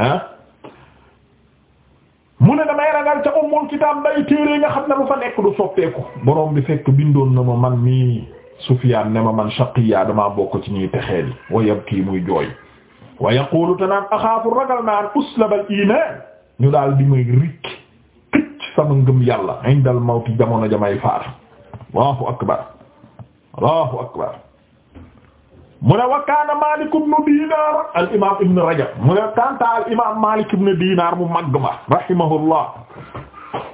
ah mu ne damay ragal ca ummul kitaab day téere nga xam ne lu fa nekk du soppeeku borom bi fekk bindoon na ma man mii Sufyaan ne ma man shaqiya damaa bokk ci ñuy texee di wa yabkii muy jooy wa yaqulu te naan axaafu ragal naan uslabal iman ñu daal di muy rikk këcc sama ngëm yàlla indal mawti jamono jamay faatu allahu akbar allahu akbar mu ne wa kaana Maalik ibn Diinaar al imaam ibn Rajab mu ne kaana al imaam Maalik ibn Diinaar mu mag ma rahimahullah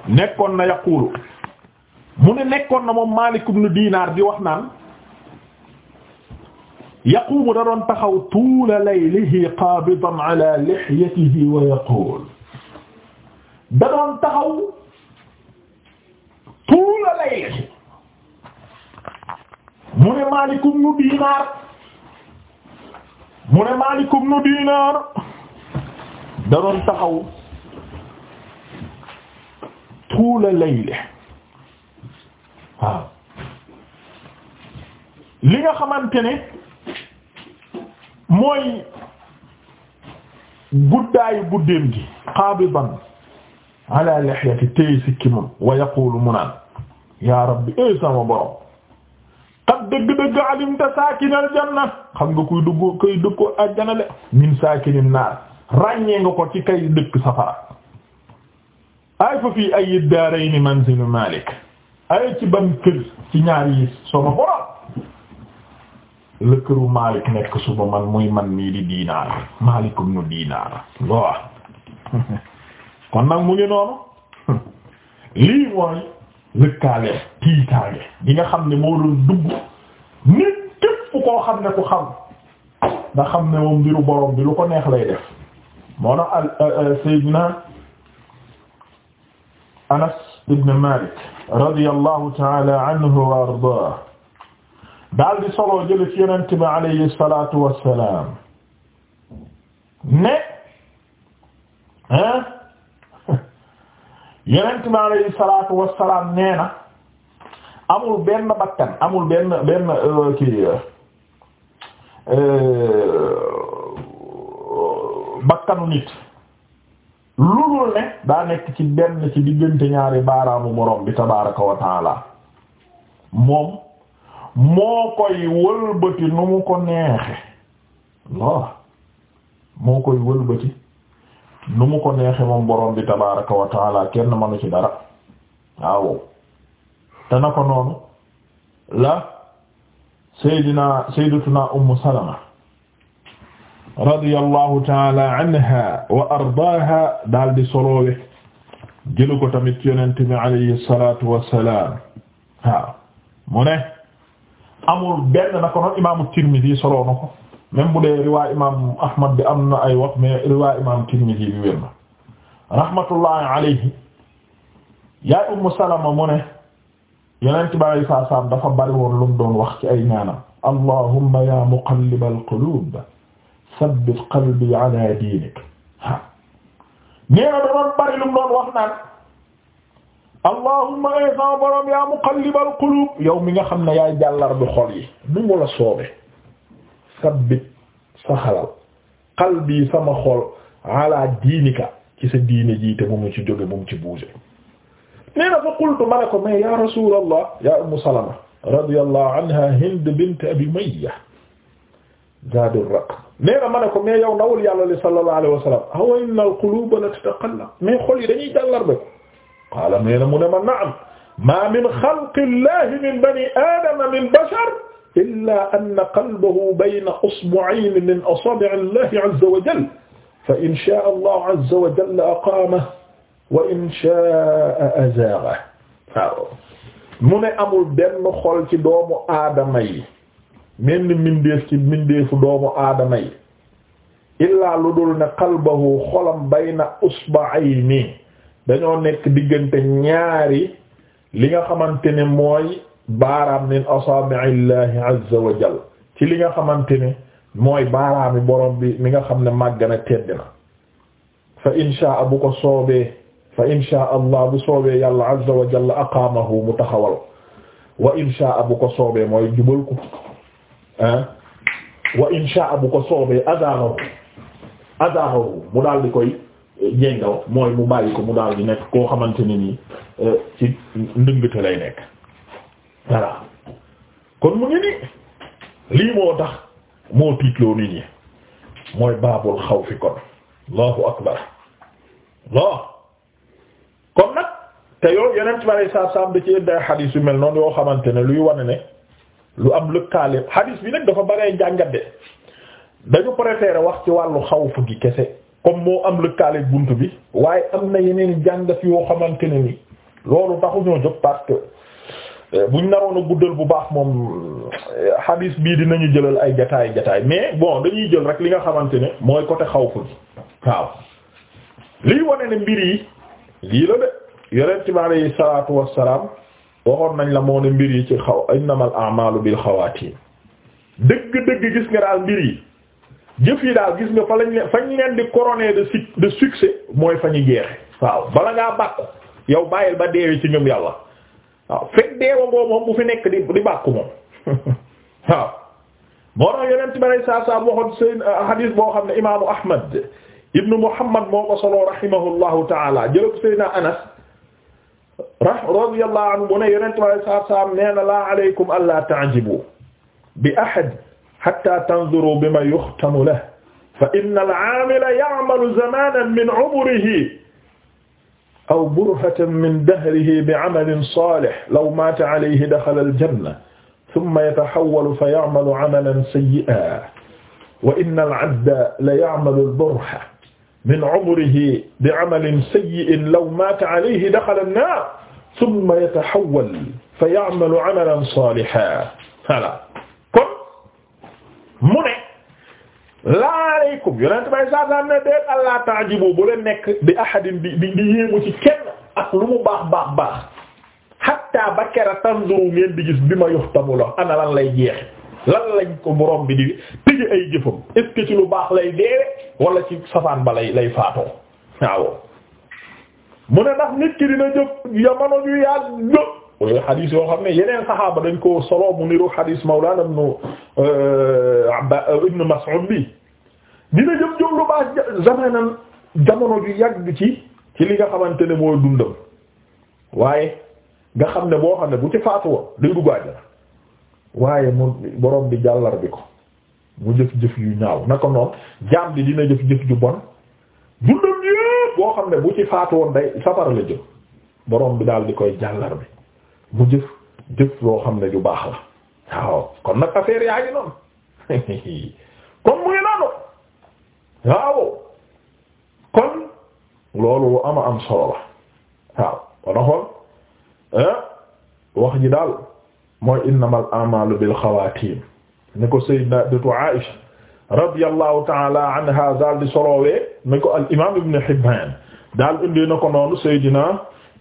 nekkoon na yaqulu mu ne nekkoon na moom Maalik ibn Diinaar di wax naan yaqumu da doon taxaw tuula laylihi qaabidan ala lihyatihi wa yaqul da doon taxaw tuula laylihi mu ne Maalik ibn Diinaar mu ne Maalik ibn Dinaar da doon taxaw tuula layle waaw li nga xamante ne mooy guddaayu guddeem gi qaabidan ala lihyati téy sikki moom wa yaqulu mu naan yaa rabbi ay eh sama borom qad dëgg-dëgg alimta saakin aljanna xam nga kuy dugg koy dëkkoo àjjana de min saakinin naar ràññee nga ko ci kay dëkk safara ay fa fii ay daarayni manzilu Malik ay ci ban kër ci ñaar yi sama borom la këru Malik nekk suba man muy man mii di diinaar Malikum nu diinaar waaw kon nag mu ngi noonu lii mooy lëkkaale tiitaange gi nga xam ne moo dugg nit képp koo xam ne ku xam nga xam ne moom mbiru borom bi lu ko neex lay def moo tax al euh, euh, Seydina Anas ibn Malik radiyallahu ta'ala anhu wa ardaah daal di solo jële ci Yonent bi alayhi salaatu wa salaam ne ah Yonent bi alayhi salaatu wa salaam nee na amul benn bakkan amul benn benn euh, kii. Euh, bakkanu nit lu dul ne daa nekk ci benn ci diggante ñaari baaraamu borom bi tabaaraka wa moom moo koy wëlbati nu mu ko neexe moom borom bi tabaaraka wa kenn manu ci dara waaw te na ko noonu la saydina saydatuna ummu salama radiyallahu taala anha wa ardaaha daal di soloowe jëlu ko tamit yonent bi alayhi salatu wassalam waaw mu ne amul benn na ko noon imaamu Tirmidi soloo na ko même bu dee riwaay imaam Ahmad bi am na ay wax mais riwaay imaam Tirmidi bi wér na rahmatullahi alayhi yaa ummu salama mu ne yeneen ci bari saa saam dafa bari woon lu doon wax ci ay ñaanam allahumma ya muqallibal qulub sabbit qalbi ala diinik ha nee na doon doon wax naan ay eh, sa ya muqallibal qulub yow mi nga xam ne yaay jàllar bi xol yi nu mu la soobe sabbit sa qalbi sama xol ala diinika ci sa diine jiite bu mu ci jóge bu mu ci buuse nee na fa qultu ma ne ko mais ya rasulallah ya ummu salama radiyallahu anha hind bint abi umayya zaadu raqam nee na ma ne ko mais yow ndawul yàlla li sallallahu alayhi wa sallam awa inna al quluba la tataqallab mais xol yi dañuy jàllar be qaala nee na mu ne ma na'am ma min xalqillahi min bani aadama min bashar illa anna qalbahu bayna usbu'ayni min asaabi'i llahi azza wa jalla fa in shaa'a allahu azza wa jalla aqaamahu wa in waaw mu ne amul benn xol ci doomu aadama yi menn mindeef ci mindeefu doomu aadama yi illaa lu dul ne qalbahu xolam bayna usba'ayni dañoo nekk diggante ñaari li nga xamante ne mooy baaraam min asaabi'illahi azza wa jal ci li nga xamante ne mooy baaraami borom bi mi nga xam ne màgg na tedd fa inshaa bu ko soobee fa insha allah bu soobee yàlla azza wa jalla aqaamahu mu taxawal wa insha bu ko soobee mooy jubal ko ah wa insha bu ko soobee adaarahu adaarahu mu daal di koy jéngal mooy mu bàyyi ko mu daal di nekk koo xamante ne nii euh, ci ndëngte lay nekk voilà kon mu ngi ni lii moo tax moo tiitloo nit ñi mooy baabul xawfi kon allahu akbar allah kon nag te yow yeneen ci bari saa saam da ci indi ay xadiis mel noonu yoo xamante ne luy wane ne lu am lëkkaale xadiis bi nag dafa baree de dañu préféré wax ci wàllu xawf gi kese comme moo am lëkkaale bunt bi waaye am na yeneen jàngat yoo xamante ne ni loolu taxuñoo jóg parce bu euh, buñ naroon a guddal bu baax moom euh, xadiis bii dinañu jëlal ay jataay jataay mais bon dañuy jël rek li nga xamante ne mooy côté xawf gi liy wane ne mbir yi. lii la de yonent bi alayhi wassalaam waxoon nañ la moo ne mbir yi ci xaw innamal a'maalu bil xawaatim dëgg-dëgg gis nga daal mbir yi jëf yi daal gis nga fa lañ leen fañ leen di couronné de su de succès mooy fa ñu jeexe waaw bala ngaa bàkku yow bàyyil ba deewi ci ngëm yàlla waaw fekk deewa ngoo moom bu fi nekk di di bàkku moom waaw moo tax yonent bi alayhi salaatu wassalaam waxoon seen uh, hadith boo xam ne imaamu Ahmad ibnu Muhammad moo ko soloo rahimahullahu taala jëla ko Seydina Anas radiyallahu anhu bu ne yonente bi alayhi salaatu salaam nee na laa alaykum allaa ta'jibu bi ahad hatta tanzuru bima yuxtamu lahu fa inna al-aamila ya'malu zamanan min umrihi aw burhatan min dahrihi bi'amalin saalih law maata alayhi daxala al-janna thumma yatahawwalu fa ya'malu 'amalan sayyi'an wa inna al-'abda la ya'malu al-burha min umrihi bi amalin sayyi'in law maata alayhi daxala an-naar thumma yatahawwal fa ya'malu 'amalan saalihan voilà kon mu ne laaleykum yonent bay saasam ne deen allah ta'jibu bu leen nekk bi ahadin bi di yéemu ci kenn ak lu mu baax baax baax hatta ba kera tanzuru ngeen di gis bi ma yuxtamu la ana lan lay jeex lan lañ ko borom bi di tëj ay jëfam est-ce ci lu baax lay deewe wala ci safaan ba lay lay faatoo waaw mu ne ndax nit ki dina jëf yamano ju yàgg xam ne yeneen saxaaba dañ ko solo mu niru xadiis Mawlana ibnu euh, euh, bi dina jëf jëf lu baax zamanan jamono ju yàgg ci ci li nga xamante ne mooy dundam waaye nga xam ne boo xam ne bu ci faatu day dugg àjjana waaye mu borom bi jàllar bi ko mu jëf-jëf yu ñaaw naka noonu jaam bi dina jëf-jëf ju bon dundam yépp boo xam ne bu ci faatu woon day safara la jëm borom bi daal di koy jàllarbi mu jëf jëf loo xam ne ju baax la waaw kon nag affaire yaa ngi noonu kon muy noonu waaw kon loolu lu ama am solo la waaw kon a eh, wax ji daal mooy innamal a'maalu bil xawaatim ni ko sayyidatu Aïsha radiyallahu ta'ala anha daal di solowee ni ko al imaam ibn daal indi na noonu sayyidina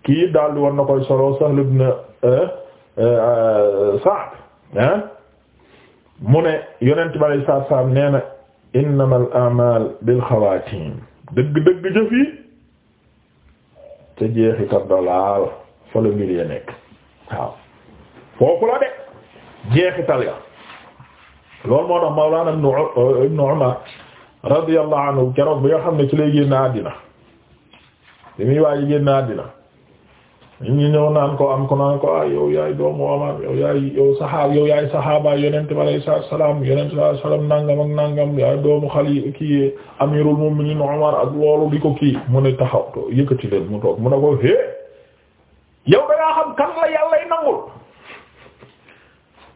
kii daal di war na koy solo Sahl ibn eh, eh, ah. mu ne yonent bi alayhi salaatu salaam nee bil xawaatim dëgg-dëgg jëf yi ca jeexital dalaal fa la mbir foofu la de jeexital ya loolu moo tax Mawlana Ibn Umar radiyallahu anhu keroog bi nga xam ne ci lay génn àddina li muy waaye génn àddina ñu ngi ñëw naan ko am ko naan ko ah yow yaay doomu Umar yow yaay yow saxaab yow yaay saxaaba yonent bi alayhi salaam yonent bi salaam yaay doomu xali kii amirul mu'minin Umar ak loolu di ko kii mu ne taxaw yëkkati leen mu toog mu ne ko hee yow da xam kan la yàlla nangul.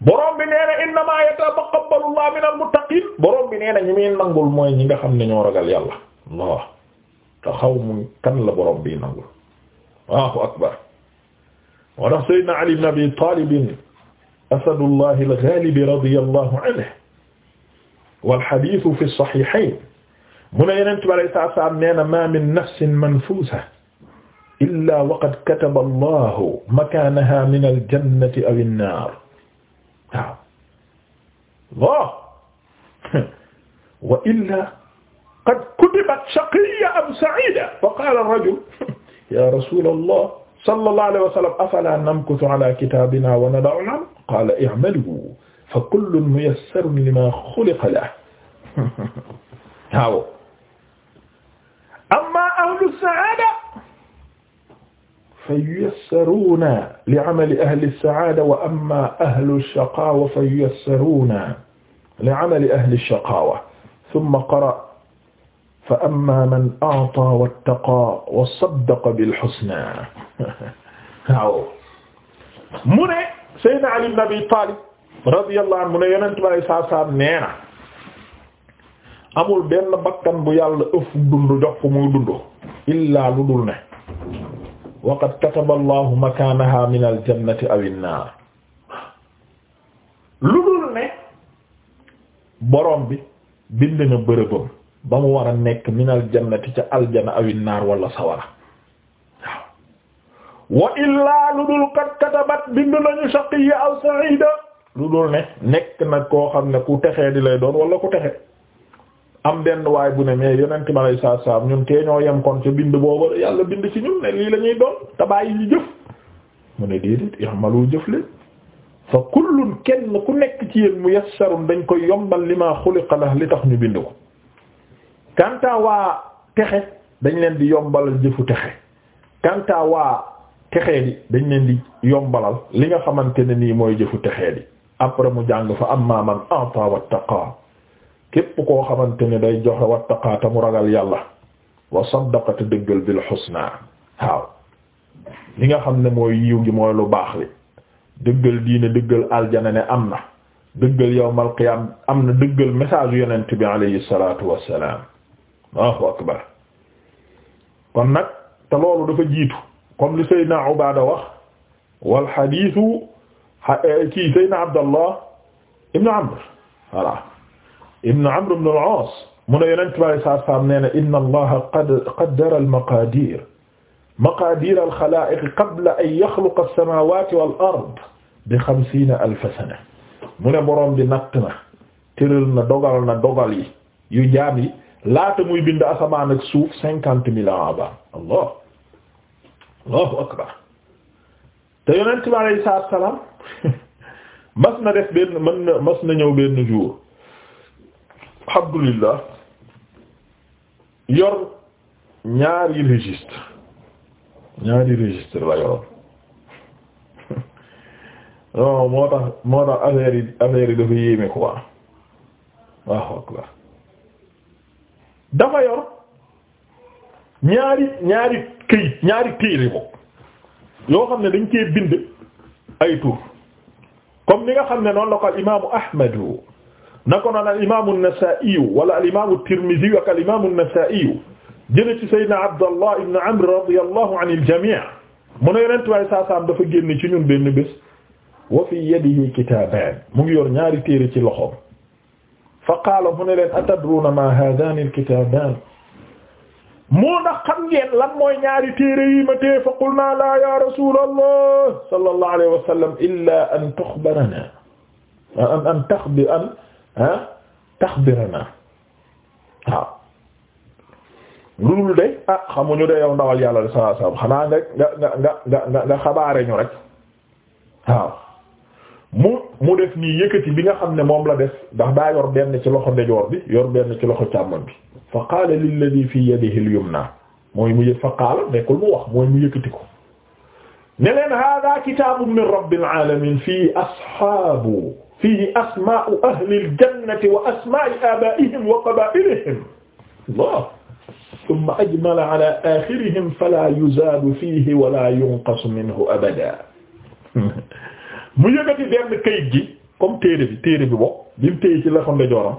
borom bi nee na innamaa yataqabbalu Allahu minal muttaqiin borom bi nee na ñi muy nangul mooy ñi nga xam ne ñoo ragal yàlla waaw te xaw mu kan la borom bi nangul Allahu akbar wa tax Sayyidina Ali ibn Abi Talib asadullahi al-ghalib radiyallahu anhu wal hadiith fi as-sahihayn mu ne Yonent bi alayhi salaatu wa salaam nee na maa min nafsin manfuusa illaa waqad kataba Allahu makaanahaa minal jannati aw an-naar Allah wa illaa qad kutibat shaqiyya am sa'iida fa qaala ar-rajul yaa rasuulallah sallallahu alayhi wa sallam afalaa namkuthu alaa kitaabinaa wa nada'u al-'amal qaala i'maluu fa kullun muyassarun limaa xuliqa lahu waaw ammaa ahlu as-sa'aada fayuyassaruuna li amali ahli saada wa amma ahlu shaqaawa fayuyassaruuna li amali ahli shaqaawa summa qara fa amma man a'taa wattaqaa wa saddaqa bil husnaa waaw mu ne Seydina Ali ibn Abi Taalib radiyallahu anhu mu ne Yonent bi alayhi salaatu wa salaam nee na amul benn bakkan bu yàlla ëff dund jox ko muy dund illaa lu dul ne waqad kataba allahu makaanaha min aljannati aw innaar lu dul ne borom bi bind na bërëbam ba mu war a nekk min aljannati ca aljana aw naar wala sawara waaw wa illaa lu dul qad katabat bind nañu shaqiyya aw sa'iida lu dul ne nekk na koo xam ne ku texee di lay doon wala ku texe am benn waay bu ne mais yonent ma lay saa saa ñun tee ñoo yem kon ca bind boobu yàlla bind ci ñun ne lii la ñuy doon te bàyyi ñu jëf mu ne déedéet i'malu jëf leen fa kullun kenn ku nekk ci yéen muyassarun dañ koy yombal li ma xuliqa la li tax ñu bind ko kanta waa texe dañ leen di yombalal jëfu dañ leen di yombalal li nga xamante ne nii mooy jëfu texee di après mu jàng fa am man a'ta wattaqa képp koo xamante ni day joxe wattaqaata mu ragal yàlla wa saddaqata dëggal bil husna waaw li nga xam ne mooy yiw gi mooy lu baax li dëggal diine dëggal aljana am na dëggal yawmal qiyaam am na dëggal message yonent bi alayhi salaatu wassalaam Allahu akbar kon nag te loolu dafa jiitu comme li Seydina Ubaada wax wal xadiisu eh, kii Seydina Abdallah ibnu Amr voilà ibn Amr ibn al-Aas mu ne yonent bi alayhi salaatu wa salaam nee na inna Allaha qad qaddara al-maqaadiir maqaadiir al-xalaa'iq qabla an yaxluqa as-samaawaati wal-ard bi xamsiina alfa sana mu ne boroom bi natt na tëral na dogal na dogal yi yu jaam yi laata muy bind asamaan ak suuf cinquante mille ans avant allah allahu akbar te yonent bi alayhi salaatu wa salaam mas na def benn mën na mas na ñëw benn jour Abdulillah yor ñaari registre ñaari registre la yoroon oh, non moo tax moo tax affaire yi affaire yi dafa yéeme quoi waaw dafa yor ñaari ñaari këyit ñaari téere yoo xam ne dañ cee bind ay tur comme ni nga xam ne noonu la ko al imaamu Ahmadu nako noon al imaamu Nasaa'i wala al imaamu Tirmizi ak al imaamu Nasaa'i jëlee ci Seydina Abdallah ibn Amr radiyallahu anil jamii' mu ne Yonent bi saa saam dafa génn ci ñun benn bés. wa fi yadihi kitaaban mu ngi yor ñaari téere ci loxoom. Fa qaala mu ne leen atadruuna maa haadaani al-kitaaban moo ndax xam ngeen lan mooy ñaari téere yi ma tee fa qulnaa laa yaa rasuulallah sallallahu alayhi wa sallam illaa an tuxbiranaa an an taxbi an ah taxbirana waaw lu dul de ah xamuñu de yow ndawal yàlla de sallallahu alayhi xanaa nga nga nga nga nga nga xabaare ñu rek waaw mu mu def nii yëkkati bi nga xam ne moom la def ndax daa yor benn ci loxo ndejoor bi yor benn ci loxo càmmoñ bi fa qaala lilladi fi yadihi al-yumna mooy mu yëg fa qaala nekkul mu wax mooy mu yëkkati ko ne leen hada kitaabun min rabbil alamin fii ashaabu fiihi asmaa'u ahlil jannati wa asmaa'i aabaa'ihim wa qabaa'ilihim Allah summa ajmala ala aaxirihim falaa yuzaadu fiihi wala yunqasu minhu abadan mu yëgati benn kayit gi comme téere bi téere bi bokk bi mu téye ci la xam ne jooram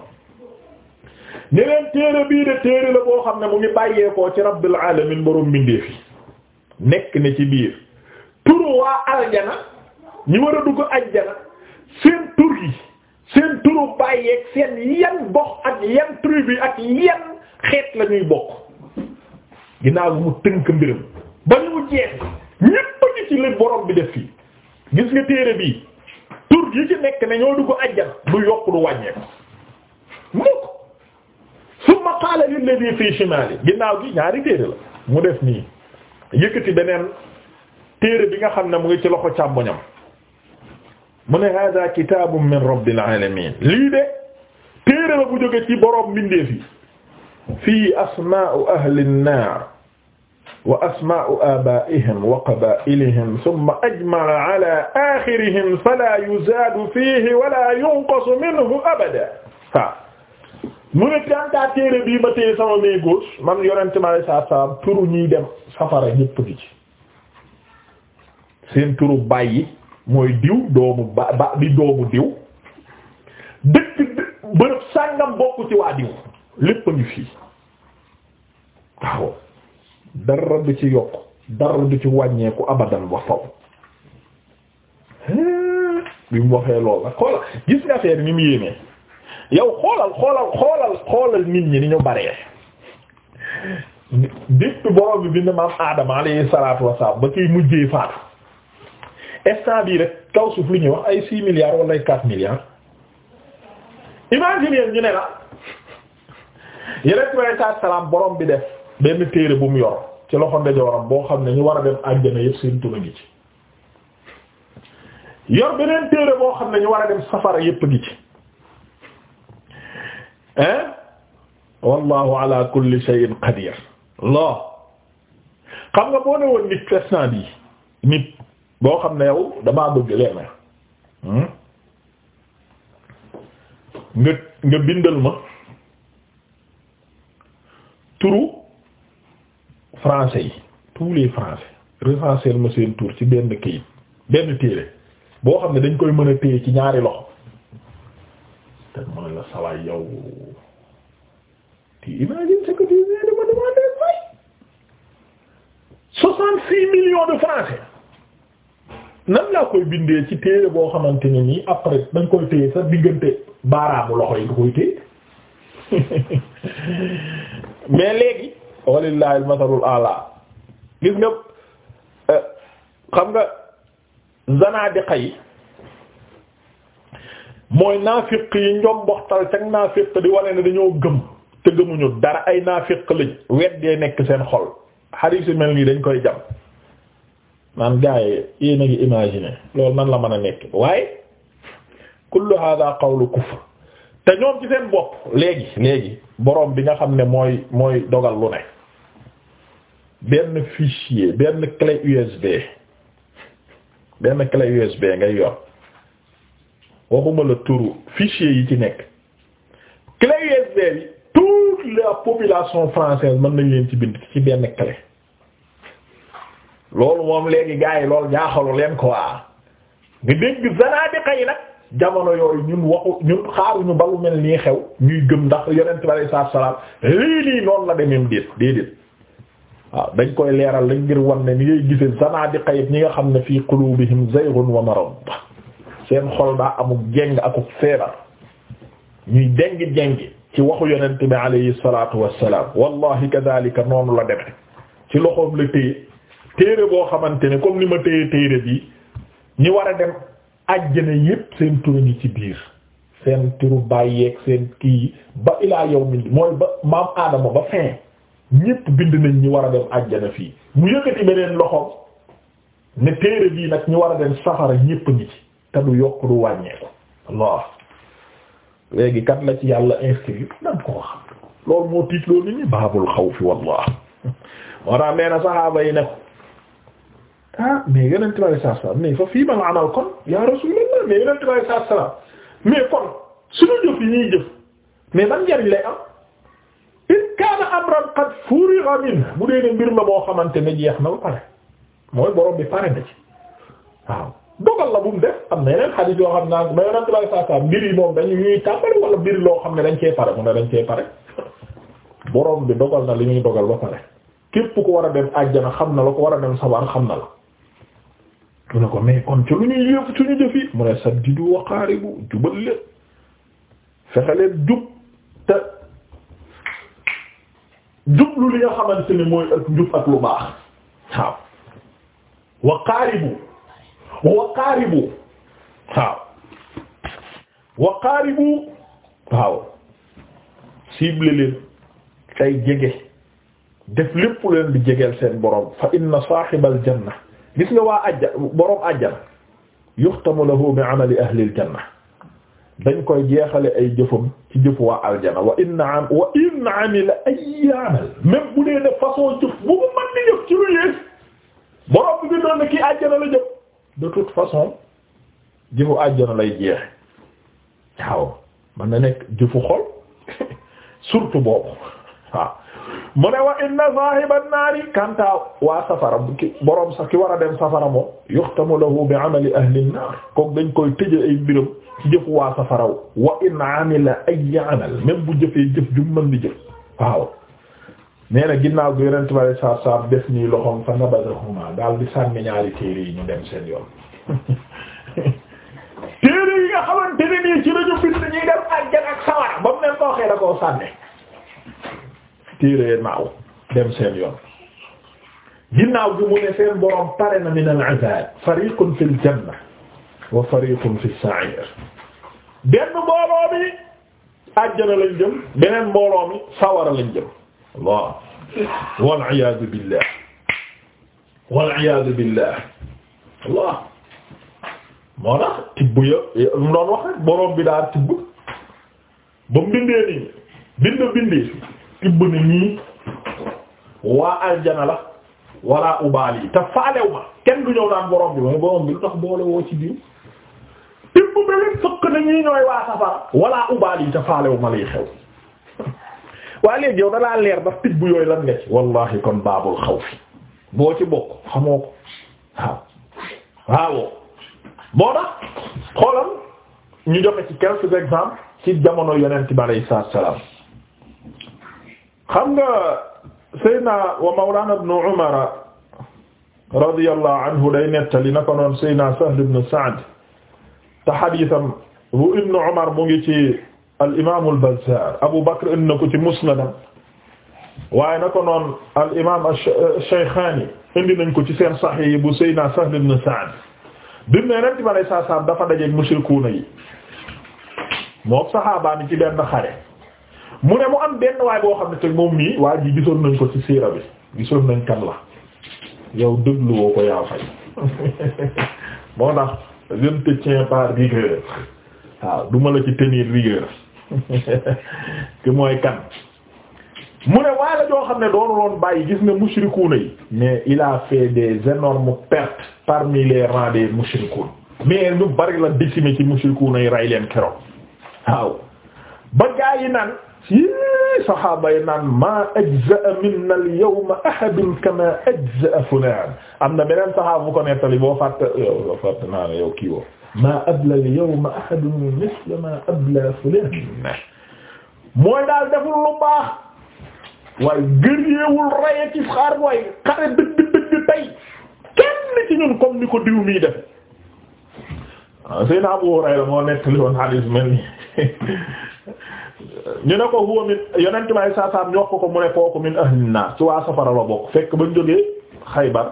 ne leen téere bii de téere la boo xam ne mu ngi bàyyeekoo ci rabbil alamin boroom mbindeef yi nekk ne ci biir turu waa aljana ñi war a dugg aljana seen tur yi seen turu baay yeeg seen yan bokk ak yan tribu ak yan xeet lañuy bokk ginnaaw bi mu tënk mbiram ba ñu mu jeex ñépp ñu ci li borom bi def fii gis nga téere bii tur yi ci nekk ne ñoo dugg ajjana du yokk du wàññeeku mukk summa qaala lilladhi fii shimaali ginnaaw gi ñaari téere la mu def nii yëkkati beneen téere bi nga xam ne mu ngi ci loxo càmmoñam mu ne hada kitaabun min rabbil alamin lii de téere la bu jóge ci boroom mbindeef yi fii asmaa'u ahli an-naar wa asmaa'u aabaa'ihim wa qabaa'ilihim thumma ajmala ala aaxirihim falaa yuzaadu fiihi walaa yunqasu minhu abadan ha mu ne tàntaa téere bii ma téye sama main gauche man yonent mi alayhi salaatu salaam turu ñuy dem safara ñépp ci seen turu bàyyi mooy diw doomu ba ba di doomu diw dëkk bërëb sàngam bokk ci waa diw lépp a ngi fii waaw dara du ci yokk dara du ci wàññeeku abadan ba faw bi mu waxee lool la xoolal gis nga affaire ni mu yéenee yow xoolal xoolal xoolal xoolal nit ñi ni ñu baree dépp borom bi bind maam aadama alayhi salaatu wassalaam ba kiy mujjee faatu instant yi rek kaw suuf lu ñuy wax ay six milliards wala ay quatre milliards imagine ñu ne la yeneen tubaab yi salaam borom bi def benn téere bu mu yor ci loxo ndeyjooram boo xam ne ñu war a dem àjjana yëpp seen tur ngi ci yor beneen téere boo xam ne ñu war a dem safara yëpp ngi ci hein wallahu ala kulli shay'in qadir loo xam nga boo ne woon nit instant bii nit. boo xam ne yow damaa bëgg leena hmm? nga nga bindal ma turu français yi tous les français recensel ma seen tur ci benn kayit benn téere boo xam ne dañ koy mën a téye ci ñaari loxo te mu la sawaay yow soixante-six millions de français nan laa koy bindee ci téere boo xamante ne nii après dañ koy téye sa diggante baaraamu loxo yi du koy téye mais léegi walillahi almasalul ala gis nga euh, xam nga zanadiqa yi mooy naafiq yi njomboxtal teg naafiq di wane ne dañoo gëm te gëmuñu dara ay naafiq lañ weddee nekk seen xol xarit si mel nii dañ koy jam naan gars yi yéen a loolu nan la mën a nekk waaye kullu hada qawlu kufr te ñoom ci seen bopp léegi léegi borom bi nga xam ne mooy mooy dogal lu ne benn fichier benn clé USB benn clé USB ngay yor waxuma la turu fichier yi ci nekk clé USB bi la population française mën nañ leen ci bind ci benn clé. loolu moom léegi gaa yi loolu jaaxalu leen quoi nga dégg zanadiqa yi nag jamono yooyu ñun waxu ñun xaaruñu ba lu mel nii xew ñuy gëm ndax yonent bi alayhi salaam lii nii noonu la demee déet déedéet waaw dañ koy leeral dañ ngir wan ne ni ngay gisee zanadiqa yi ñi nga xam ne fii quluubihim zayghun wa marad seen xol daa amuk jeng akuk feebar ñuy déngi déngi ci waxu yonent bi alayhi salaatu wassalaam wallahi kadhalika noonu la demee ci loxoom la téye. téere boo xamante ne comme ni ma téye téere bi ñi war a dem àjjana yépp seen tur ngi ci biir seen turu bàyyi seen kii ba ilaa yow mi mooy ba maam aadama ba fin ñépp bind nañ ñi war a dem àjjana fii mu yëkkati beneen loxo ne téere bii nag ñi war a dem safara ñépp ngi ci te du yokk du wàññeeku Allah léegi kat la ci yàlla inscrire nan ko xam loolu moo tiit loolu ñi baabul xawfi wallah moo tax nee na saxaaba yi ne ko ah mais yonent bi alayhi mais fa fii mal amal kon yaa Rasulullah mais yonent bi alayhi salaam mais kon suñu jëf yi ñuy jëf mais ban njariñ lay am in kaana amran qad furiga min bu dee ne mbir la boo xamante ne jeex na ba pare mooy borom bi pare na ci waaw dogal la bu mu def am na yeneen xadiis yoo xam naa ma yonent bi alayhi mbir yi moom dañu ñuy tàmbali wala mbir loo xam ne dañ cee pare mu ne dañ cee pare borom bi dogal na li ñuy dogal ba pare képp ku war xam na la ko war a dem sabar mu ne ko mais kon ca lu ñuy yëf suñu jëf yi mu ne saddidu wa qaaribu jubal leen fexe jub te jublu li nga xamante ne mooy ak njub ak lu baax waaw wa qaaribu wa qaaribu waaw wa qaaribu waaw cible leen tay jege def lépp leen di jegeel seen borom fa inna saaxibal gis nga waa ajja boroom ajjana yuxtamu lahu bi amali ahlil janna dañ koy jeexale ay jëfam ci jëf waa aljana wa in am wa in amila ay amal même bu dee ne façon jëf bu mu mën di jëf ci lu yées boroom bi bi doon ne kii ajjana la jëf de toute façon jëfu ajjana lay jeexe waaw man na nekk jëfu xol surtout boobu waaw mu ne wa inna saahiba naari kanta waa safara bu ki borom sax ki war a dem safara moom yuxtamu lahu bi amali ahli naar kook dañ koy tëje ay mbiram ci jëfu waa safaraw wa in amila ay amal même bu jëfee jëf ju mën di jëf waaw nee ginnaaw bi yonent bi alayhi salaatu salaam def nii loxoom fa nabadahuma daal di sànni ñaari téere yi ñu dem seen yoon téere yi nga xamante nii ci lañu bind ñuy dem àjjana ak sawara ba ne ko waxee da koo sànne téere naaw dem seen yoon ginnaaw bi mu ne seen borom pare na min al-azab fariqun fil janna wa fariqun fis sa'ir benn mbooloo mi àjjana lañ jëm beneen mbooloo mi sawara lañ jëm Allah wal iyaadu billah wal iyaadu billah tibb ni ñii waa aljana la wala ubaali te faalew ma kenn du ñëw naan borom bi mooy borom bi lu tax boole woo ci biir tibb ba leen fëkk na ñii ñooy waa safara wala ubaali te faalew ma lay xew waaye léegi yow dalaa leer ba tibb yooyu lan nga ci wallahi kon baabul xaw fi boo ci bokk xamoo ko waaw waawoo boo tax xoolal ñu joxe ci quelques exemples ci jamono yonent bi salaam xam nga Seydina wa Mawlana ibn Umar radiyallahu anhu day nettali na ko noon Seydina Sahl ibn Sa'd te xadiisam bu Ibn Umar mu ngi ci al imaam al Bazzaar Abu Bakr indi na ko ci musnadam waaye na ko noon al imaam ash-Shaykhaani indi nañ ko ci seen Sahih bu Seydina Sahl ibn Sa'd bi mu ne Yonent bi alayhi salaam dafa dajeek mushrikuuna yi mook saxaaba ni ci benn xare mu ne mu am benn waay boo xam ne te moom mii waa ji gisoon nañ ko ci siira bi gisoon nañ kan la yow déglu woo ko yaa fay moo tax je te tiens pas rigueur waaw duma la ci tenir rigueur ki mooy kan mu ne waaye la joo xam ne doonu loon bàyyi gis ne mushrikuuna yi mais il a fait des énormes pertes parmi les rangs des mushrikuuna mais ñu bari la décimé ci mushrikuuna yi rey leen keroog waaw ba gaa yi naan yii saxaaba yi naan maa ajzaa minna al-yawma ahadun kamaa ajzaa fulaan am na beneen saxaaba bu ko nettali boo fàtte yow fàtte naa maa abla al-yawma ahadun misla maa abla fulaan mooy daal deful lu baax waaye gëreewul raya ci xaar waaye xare dëgg dëgg tey kenn ci ñun comme ni ko diw mii def ah, nettali woon hadiis mel ñu ne ko huwa min yonent bay saa saam ñoo ko ko mu ne kooku min ahlin naar ci waa safara la bokk fekk bañ jógee Xaybar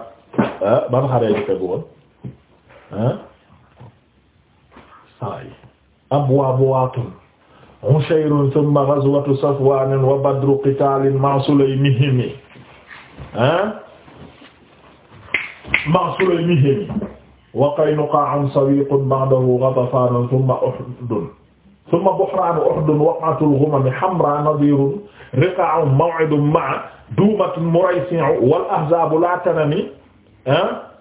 ah, ban xaree ñu tegu woon ay ah, abwaab waatun ushayrun thumma safwan wa badru qitaalin ma sulaymihim ah, ma sulaymihim wa qaynuqa'un sawiqun ba'dahu ghatafan thumma uhud summa buhraanu uhdun waqatul ghumami hamraa nadiirun riqaa'un maw'idun ma'a duumatun muraysi'un wal ahzaabu laa tanami ah,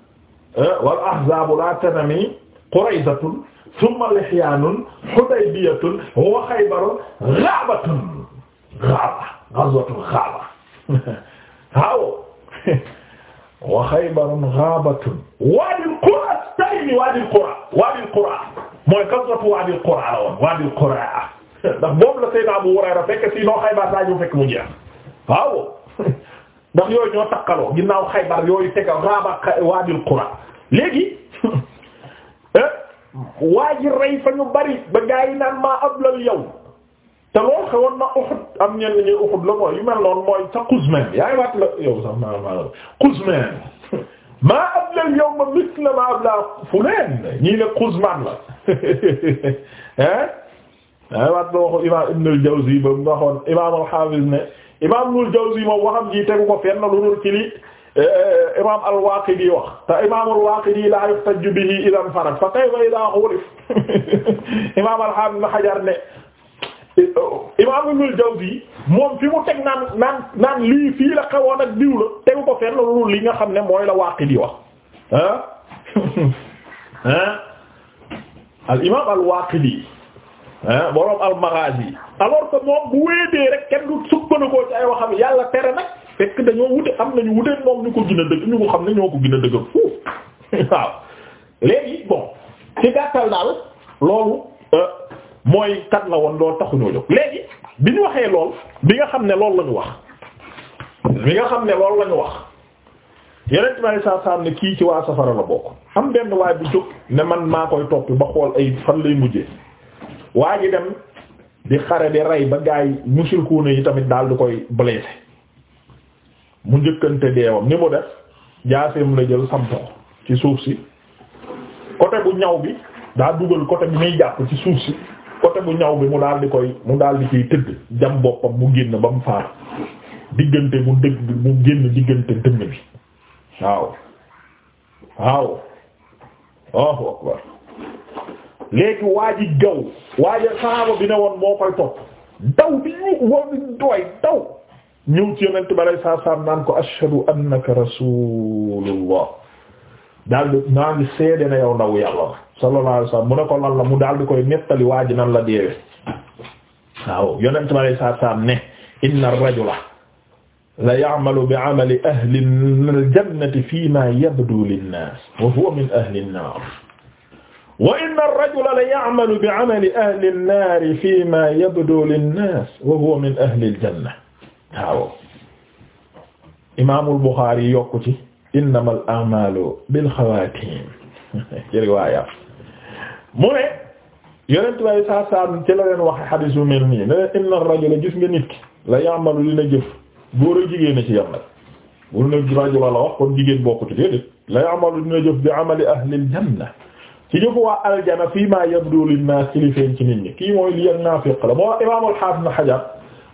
ah, wal ahzaabu laa tanami quraizatun summa lihyaanun hudaybiyatun wa khaybarun ghaabatun ghaaba ghazwatun ghaaba waaw wa khaybarun ghaabatun waadil qura tey jii waadil qura waadil qura mooy gazwatu Waadil Quraa la woon Waadil Quraa ndax boobu la Seydina Abu Hurayra fekk si noo Xaybar saa ñu fekk mu jeex waaw ndax yooyu ñoo takkaloo ginnaaw Xaybar yooyu teg Raaba Waadil Quraa léegi eh, waa ji rey fa bari ba gaa yi naan maa ablal te loolu xewoon na Uhud am ñenn ñi la mooy yu mel noonu mooy sa Quzman yaay waat la yow sax maa maa Quzman maa abla al-yawma mithla maa abla fulaan ñii ne Quzman la ah. ah waat ba waxu imaam Ibn al-Jawzi ba mu waxoon imaam al-Hafiz ne imaam Ibn al-Jawzi moom waxam ji tegu ko fenn lu dul ci li eh, eh, imaam al-Waaqidi wax te imaam al-Waaqidi laa yuhtajju bihi idhaa infarada fa kayfa idhaa xulifa imaam al-Hafiz Hajar ne. Imaam Ibnul Jawzi moom fi mu teg naan naan naan lii fii la xawoon ak diw la ko fenn lu li nga xam ne mooy la Waaqidi wax ah ah al imaam al Waaqidi ah borom al Maghaazi alors que moom bu weedee rek kenn du sukkandikoo ci ay waxam yàlla tere nag fekk dañoo wute am nañu wute moom ñu ko gën dëgg ñu ko xam ne ñoo ko gën a dëggal foofu waaw léegi bon ci gàttal daal euh, mooy kat la woon loolu taxuñoo jóg léegi bi ñu waxee lool bi nga xam ne loolu la wax bi nga xam ne loolu lañu wax yeneen ma saa ne kii ci waa safara la bokk am benn waay bu jóg ne man maa koy toppi ba xool ay fan lay mujjee waa ji dem di xare di rey ba gaay mushrikuuna yi tamit daal di koy blessé mu njëkkante deewam ni mu def jaaseem la jël samp ko ci suuf si côté bu ñaw bi daa dugal côté bi muy jàpp ci suuf si côté bu ñaw bi mu daal di koy mu daal di koy tëdd jam boppam mu génn ba mu faatu diggante mu dëgg mu génn diggante dënn bi waaw waaw léegi waa ji gaw waaja saaba bi ne woon moo koy topp daw di ñu woo di dooy daw ñëw seede na yow ndaw yàlla la sallallahu alayhi wasallam mu ne ko lan la mu daal di koy nettali waa ji nan la deewe waaw yonent bi alayhi salaatu salaam ne inna ar-rajula la ya'malu bi'amali ahli al-jannati fima yabdu lin-nas wa huwa min ahli an-nar wa inna ar-rajula la ya'malu bi'amali ahli an-nar fima yabdu lin-nas wa huwa min ahli al-janna waaw imaamul Buxaari yokku ci innamal a'maalu bil xawaatim ci riwaaya mu ne yonent way saa saam ci la leen waxe xadiis bu mel nii ne leen inna rajula gis nga nit ki la ya'malu li na jëf góor a jigéen a ci yam nag bu ne rajula la wax kon jigéen bokkut déedéet la ya'malu li na jëf bi amali ahlil janna ci jëfu waa aljana fii ma yabdu linnaas ci li feeñ ci nit ñi kii mooy li naafiq la moo imaamul xaafis na xajar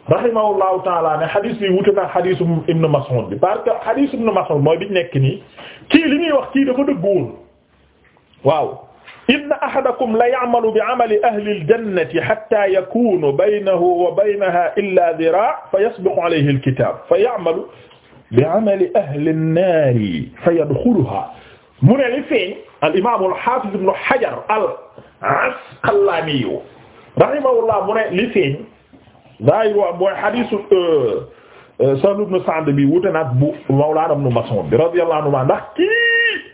rahimahullahu taala ne xadis bi wute na xadisu ibnu Mas'ud bi parce que xadisu ibnu Mas'ud mooy biñ nekk nii kii li ñuy wax kii dafa dëgg woon waaw inna ahadakum la ya'malu bi'amali ahli al-jannati hatta yakunu baynahu wa baynaha illa dhira' fa yasbiqu alayhi al-kitab fa ya'malu bi'amali ahli an-nari fa yadkhuluha mu ne li feeñ al-imam al-hafiz ibn hajar al-asqalani rahimahullah mu ne li feeñ daay wa mooy hadisu euh, euh, Sahl ibn Sa'd bi wute naat bu Mawlana Ibn Mas'ud bi radiyallahu anhu ndax kii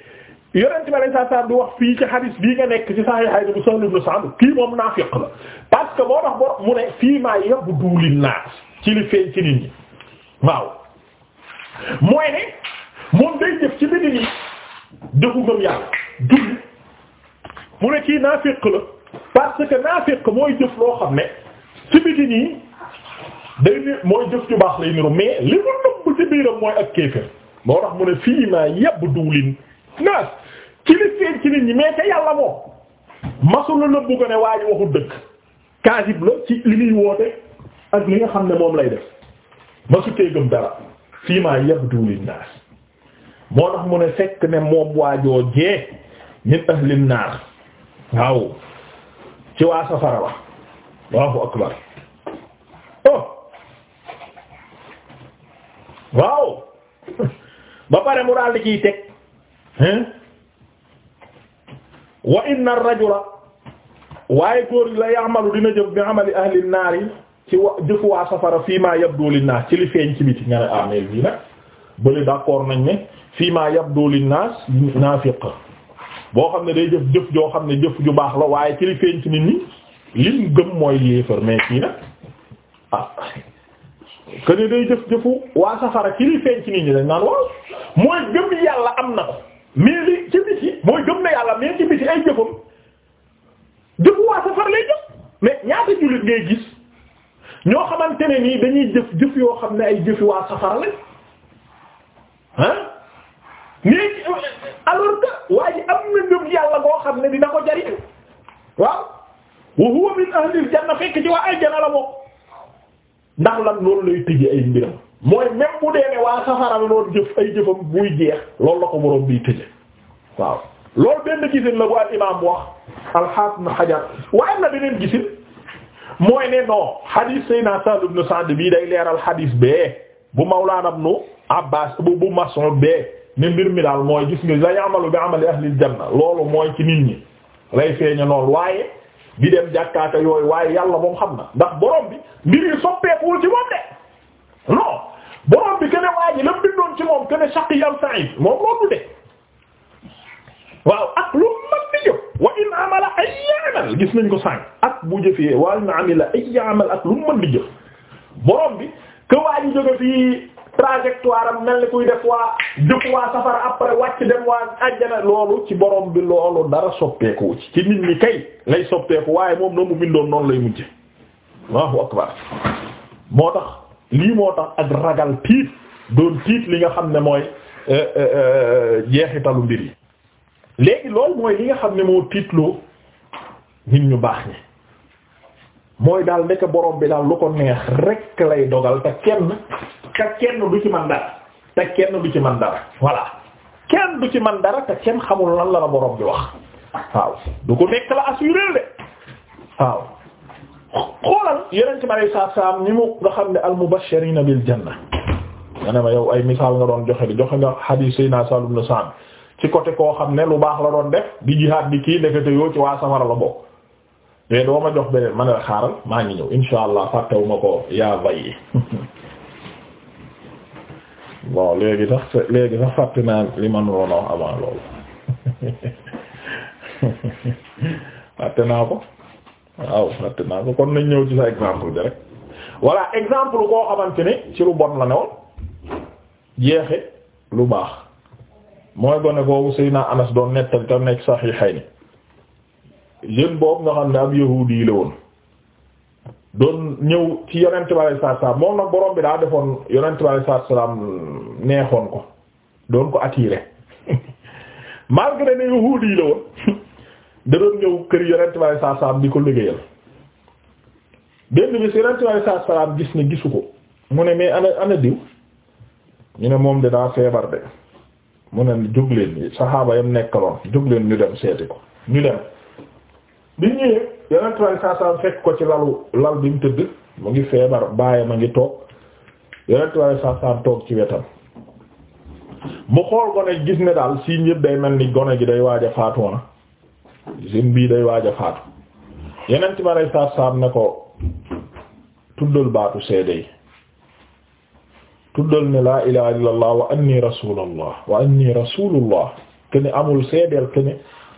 yonent bi alayhi salaam di wax fii ci hadith bii nga nekk ci Sahih bu Sahl ibn Sa'd kii moom naafiq la parce que moo tax boo mu ne fii maa yabdu linnaas ci li feeñ ci nit ñi waaw mooy ne moom day jëf ci biti nii dëggu gëm yàlla julli mu ne kii naafiq la parce que naafiq mooy jëf loo xam ne ci biti nii day ni mooy jëf ju baax lay niru mais li mu nëbb ci biiram mooy ak kéefër moo tax mu ne fii maa yabdu linnaas naas ci li feeñ ci nit ñi mais ca yàlla moom masula nëbbu ko ne waa waxul dëkk kaasib la ci li muy woote ak li nga xam ne moom lay def masu tee gëm dara fii maa yabdu linnaas moo tax mu ne fekk ne moom waajoo jee min ahlin naar waaw ci waa safara wa oh. waaw ba pare mu daal di teg wa inna rajula waaye góor la ya'malu dina jëf bi amali ahli an-naar ci wa jëfu waa safara fii maa yabdu lin-naas ci li feeñ ci biti nga ne amel ah, bii nag bële d'accord nañ ne fii maa yabdu lin-naas naafiq boo xam ne day jëf jëf joo xam ne jëf ju baax la waaye ci li feeñ ci nit ñi lim gëm mooy yéefar mais fii nag ah ne day jëf jëfu waa safara ci li feeñ ci nit ñi dañ naan waaw mooy gëm yàlla am na ko. mais li ci biti mooy gëm na yàlla mais ci biti ay jëfam jëfu waa safar jëf mais ñaata jullit ngay gis ñoo xamal ne nii dañuy jëf jëf yoo xam ne ay jëfi waa safar lañ ah mais alors que ji am na ngëm yàlla goo xam ne dina ko jariñ waaw wa huwa min ahlil janna fekk ci waa aljanna la bokk ndax lan loolu lay tëjee ay mbiram mooy même bu dee ne waa safara loolu jëf ay jëfam buy jeex loolu la ko borom biy tëje waaw loolu benn gisin la bu al imaam wax alxaas na xajar waaye am na beneen gisin mooy ne non xadiis sayna Sahl bii day leeral xadiis bee bu mawlaana ibn Abbaas bu bu Mas'ud bee ne mbir mi daal mooy gis nga la ya'malu bi amali ahlil janna loolu mooy ci nit ñi lay feeña noonu waaye bi dem jàkkaata yooyu waaye yàlla moom xam na ndax borom bi mbir yi soppeekuwul ci non borom bi que ne waa ji la mu bindoon ci moom que ne shaqi am sa'id moom loolu de waaw ak lu man di jëf wa in amala nañ ko sànq ak bu jëfee wa ay amal ak lu di jëf borom bi que waa ji jóge fii trajectoire am mel ni kuy def waa jëf waa safara après wàcc dem waa àjjana loolu ci borom bi loolu dara soppeeku ci ci nit ñi kay lay soppeeku waaye moom na mu bindoon noonu lay mujje Allahu akbar moo tax lii moo tax ak ragal tiit doon tiit li nga xam ne mooy euh, euh, euh, jeexitalu mbir yi léegi lool mooy li nga xam ne moo tiitloo nit ñu baax ñi mooy daal nekk borom bi daal lu ko neex rek lay dogal te kenn te kenn du ci man dara te kenn du ci man dara voilà kenn du ci man dara te kenn xamul lan la la borom bi wax waaw du ko nekk la assuré de waaw xoolal yeneen ci ma lay saa saam ñi mu nga xam ne al bil janna nga ne ma yow ay misaal nga doon joxe di joxe nga hadith sayna Sahl ibn Sa'd ci côté koo xam ne lu baax la doon def di jihaad di kii ndekete yoo ci waa safara la bokk mais doo ma jox beneen ma ne xaaral maa ngi ñëw insha allah fàttewu ma ko yaa vaillé bon léegi sax léegi sax fàtte naa li ma noonu avant loolu fàtte naa ko. waaw natt naa ko kon nañ ñëw ci sa exemple bi rek voilà exemple koo xamante ne ci lu bon la ne woon lu baax mooy gone boobu Seydina Anas doon nettal te nekk Sahihayni jeune boobu nga xam ne ab yahudi la woon doon ñëw ci yonent bi alayhi salaatu moom nag borom bi daa defoon yonent bi alayhi salaatu neexoon ko doon ko attiré malgré ne yahudi la woon da doon ñëw kër yonent bi ko liggéeyal benn bis yonent bi alayhi gis ne gisu ko mu ne mais ana ana diw ñu ne moom de daa feebar de mu ne jóg leen saxaaba yam nekkaloon jóg ñu dem seeti ko ñu dem bi ñëwee yonent bi fekk ko ci lalu lal bi mu tëdd mu ngi feebar baayam a ngi toog yonent bi toog ci wetam mu xool gone gis ne daal si ñëpp day mel ni gone gi day waaj a ah. seen bii day waaj a faatu yeneen ci ma saat saat ne ko tuddal baatu seede yi tuddal ne laa ilaha illallah wa anni rasulullah wa anni rasulullah kene amul seedeel kene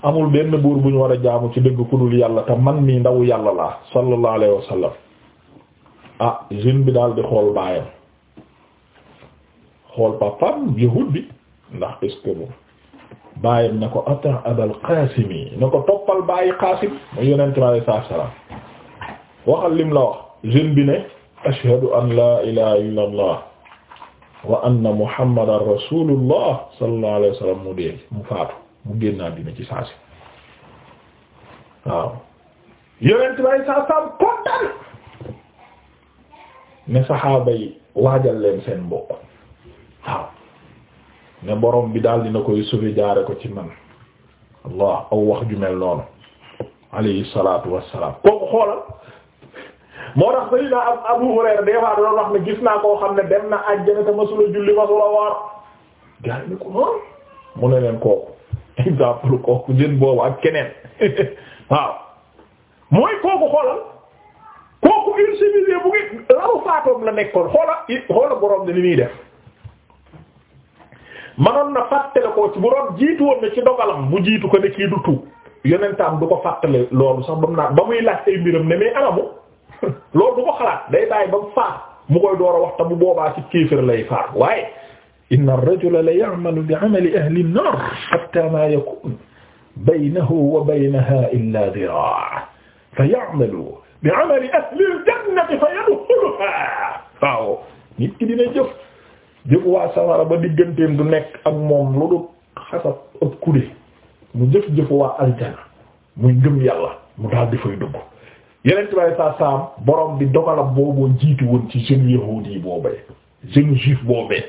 amul benn buur bu ñu war a jaamu ci dëgg ku dul yàlla te man mii ndaw yàlla laa sallallahu alayhi wa sallam ah jeune bi daal di xool baayam xool papam yahud bi ndax est bàyyam na ko abal qasim yi na ko toppal bàyyi qasim mu yonente bi alayhi salaatu wa salaam waxal lim la wax jeune bi ne ashhadu an la ilaha illa allah wa anna muhammadan rasulullah sallallahu alayhi wa mu dee mu faatu mu génnaa dina ci saasi waaw yonente bi alayhi salaatu ne saxaaba yi waajal leen seen mbokk ne borom bi daal dina koy sufi jaare ko ci man allah wax ju mel noonu alayhi salatu wassalam kooku xoolal moo tax sayyida Abu Hurayra des fois doon wax ne gis naa koo xam ne dem na àjjana te masula julli masula waar gars yi ko ah mu ne leen kooku exemple kooku jën boobu ak keneen waaw mooy kooku xoolal kooku une civilisé bu ngi law faatoom la nekkoon xoola xoola borom ne li muy def manoon na fàttale ko ci bu doon jiitu woon ci dogalam mu jiitu ko ne kii du tuub yonentam du ko fàttale loolu sax ba mu naan ba muy laaj ay mbiram ne mais anamu loolu du ko xalaat day bàyyi ba mu faat mu koy door a wax te bu boobaa ci kéefër lay faat waaye inna ar-rajula la ya'malu bi 'amali ahli an-nar hatta ma yakun baynahu wa baynaha illa dira' fa ya'malu bi 'amali ahli al-jannati fa yadkhuluha waaw nit ki dina jëf jëf waa safara ba digganteem du nekk ak moom lu dul xasab ab kude mu jëf jëf waa aljana muy ngëm yàlla mu daal di dugg yenent bay sa borom bi dogalab booboo jiitu woon ci jeune yahuud yi boobee jeune juif boobee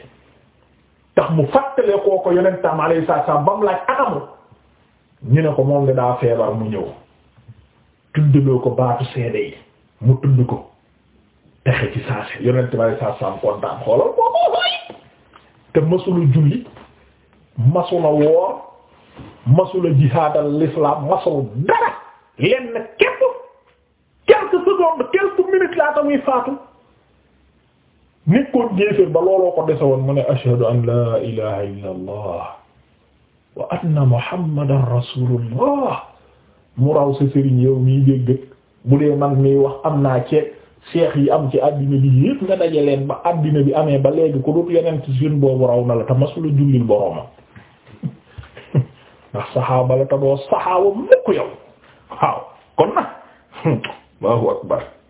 tax mu fàttalee koo ko yonentam alayhi salaam ba anamu ñu ne ko moom ne daa feebar mu ñëw tuddloo ko baatu seede yi mu tudd ko texe ci saase yonentam alayhi salaam kontaan xoolal ko te masula julli masula woor masula jihaadal l'islam masul dara lenn képp quelques secondes quelques minutes laa tamuy faatu nekkoon jéeféer ba looloo ko dese woon mu ne ashhadu an la ilaha illa allah wa anna muhammadan rasulullah mu raw sa sëriñ yow miy dégg bu dee man miy wax am naa ceeb seex yi am ci àddina bi yépp nga daje leen ba àddina bi amee ba léegi ku dut yeneen ci seen boobu raw na la te masula jullil boroomam ndax saxaaba la te doo saxaaba mukk yow waaw kon nag Allahu akbar